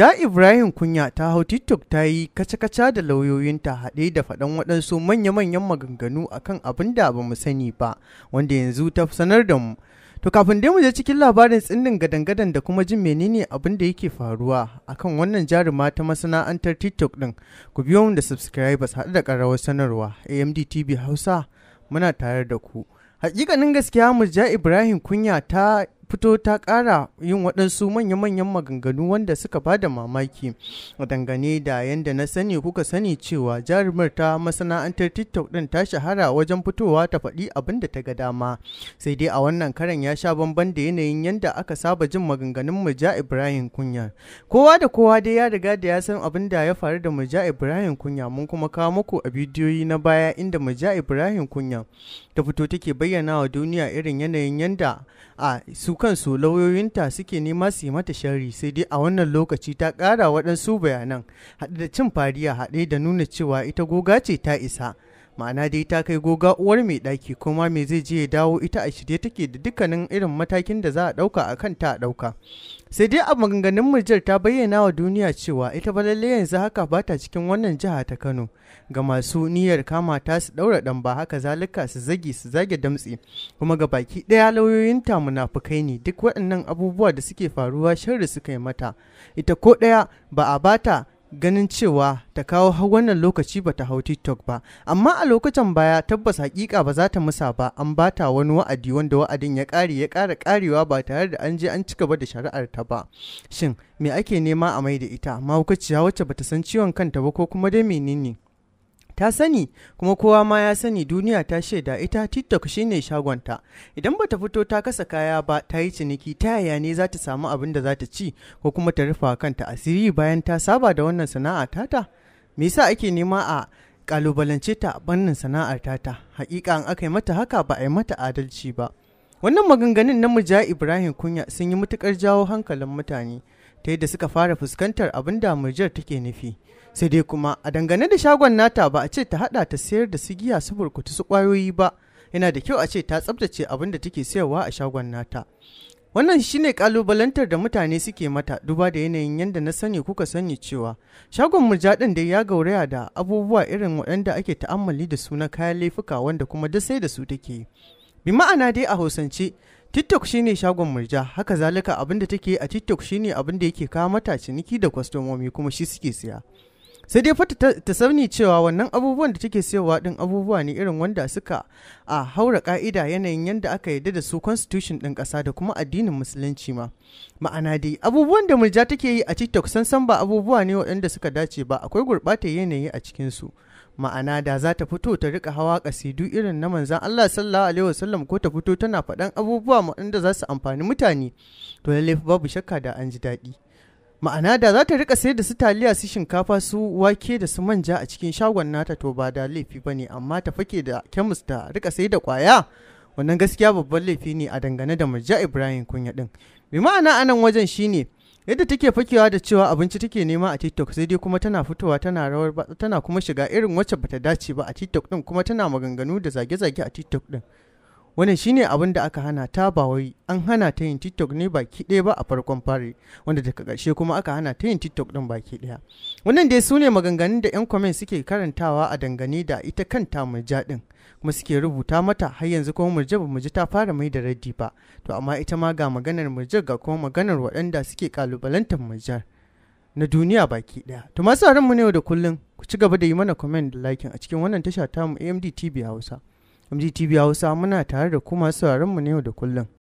Ja Ibrahim Kunya ta hau TikTok ta yi kaca-kaca da lauyoyinta haɗe da faɗan waɗansu manya-manyan maganganu akan abin da ba mu sani ba, wanda yanzu ta sanar da mu. To kafin dai mu je cikin labarin tsindin gadangadan da kuma jin menene abin da yake faruwa akan wannan jaruma ta masana'antar TikTok ɗin, ku biyo mu da subscribers haɗu da ƙararrawar sanarwa AMD TV Hausa muna tare da ku. Hakikanin gaskiya mu ja Ibrahim Kunya ta fito ta kara yin waɗansu manya-manyan maganganu wanda suka ba da mamaki dangane da yadda na sani kuka sani cewa jarumar ta masana'antar tiktok ɗin ta shahara wajen fitowa ta faɗi abin da ta ga dama sai dai a wannan karan ya sha bamban da yanayin yadda aka saba jin maganganun muja ibrahim kunya kowa da kowa dai ya riga da ya san abin da ya faru da muja ibrahim kunya mun kuma kawo muku a bidiyoyi na baya inda muja ibrahim kunya ta fito take bayyana wa duniya irin yanayin yadda a su kansu lauyoyinta suke nema su yi mata sharri sai dai a wannan lokaci ta kara waɗansu bayanan haɗe da cin fariya haɗe da nuna cewa ita goga ce ta isa ma'ana dai ta kai goga uwar mai ɗaki kuma mai zai je ya dawo ita a shirye take da dukkanin irin matakin da za a ɗauka a kan ta a ɗauka sai dai a maganganun murjar ta bayyana wa duniya cewa ita ba lalle yanzu haka ba ta cikin wannan jiha ta kano ga masu niyyar kama ta su ɗaura ɗan ba haka zalika su zagi su zage damtse kuma ga baki ɗaya lauyoyin ta munafukai ne duk waɗannan abubuwa da suke faruwa sharri suka yi mata ita ko ɗaya ba a bata ganin cewa ta kawo har wannan lokaci ba ta hau TikTok ba. Amma a lokacin baya tabbas hakika ba za ta musa ba an ba ta wani wa'adi wanda wa'adin ya ƙare ya ƙara ƙarewa ba tare da an je an ci gaba da shari'ar ta ba. Shin me ake nema a mai da ita mahaukaciya wacce ba ta san ciwon kanta ba ko kuma dai menene? ta sani kuma kowa ma ya sani duniya ta shaida ita tiktok shine shagonta idan bata fito ta kasa kaya ba ta yi ciniki ta yaya ne za ta samu abin da za ta ci ko kuma ta rufa kanta asiri bayan ta saba da wannan sana'a tata me yasa ake nema a kalubalance ta bannin sana'ar tata hakika an aka yi mata haka ba a yi mata adalci ba wannan maganganun na muja ibrahim kunya sun yi matukar jawo hankalin mutane ta da suka fara fuskantar abin da murjiyar take nufi sai dai kuma a dangane da shagon nata ba a ce ta hada ta sayar da su giya su burkutu su kwayoyi ba yana da kyau a ce ta tsabtace abin da take sayarwa a shagon nata wannan shine kalubalantar da mutane suke mata duba da yanayin yadda na sani kuka sani cewa shagon murja din da ya gauraya da abubuwa irin waɗanda ake ta'ammali da su na kayan laifuka wanda kuma da sai da su take bi ma'ana dai a hausance TikTok shine shagon murja, haka zalika abin da take a TikTok shine abin da yake kawo mata ciniki da kwastomomi kuma shi suke siya. Sai dai fata ta sani cewa wannan abubuwan da take siyawa din abubuwa ne irin wanda suka a haura ka'ida yanayin yadda aka yarda da su constitution din kasa da kuma addinin musulunci ma. Ma'ana dai abubuwan da murja take yi a TikTok san san ba abubuwa ne waɗanda suka dace ba akwai gurɓata yanayi a cikinsu. su. ma'ana da za ta fito ta rika hawa kasidu irin na manzan Allah sallallahu alaihi wasallam ko ta fito tana faɗan abubuwa inda za su amfani mutane to lalle babu shakka da an ji daɗi ma'ana da za ta rika sayar da su taliya su shinkafa su wake da su manja a cikin shagon nata to ba da laifi ba ne amma ta fake da kemis ta rika sayar da kwaya wannan gaskiya babban laifi ne a dangane da murja ibrahim kunya din bi ma'ana anan wajen shine ne yadda take fakewa da cewa abinci take nema a tiktok sai dai kuma tana fitowa tana rawar tana kuma shiga irin wacce bata dace ba a tiktok din kuma tana maganganu da zage-zage a tiktok din wannan shine abin da aka hana ta ba wai an hana ta yin tiktok ne baki ɗaya ba a farkon fari wanda daga ƙarshe kuma aka hana ta yin tiktok din baki ɗaya wannan dai su ne maganganun da yan comment suke karantawa a dangane da ita kanta mai din kuma suke rubuta mata har yanzu kuma murje ba mu ji ta fara mai da raddi ba to amma ita ma ga maganar murje ga kuma maganar waɗanda suke kalubalantar murjar na duniya baki daya to masu ran mu ne da kullun ku ci gaba da yi mana comment da liking a cikin wannan tasha mu AMD TV Hausa AMD TV Hausa muna tare da kuma masu ran mu ne da kullun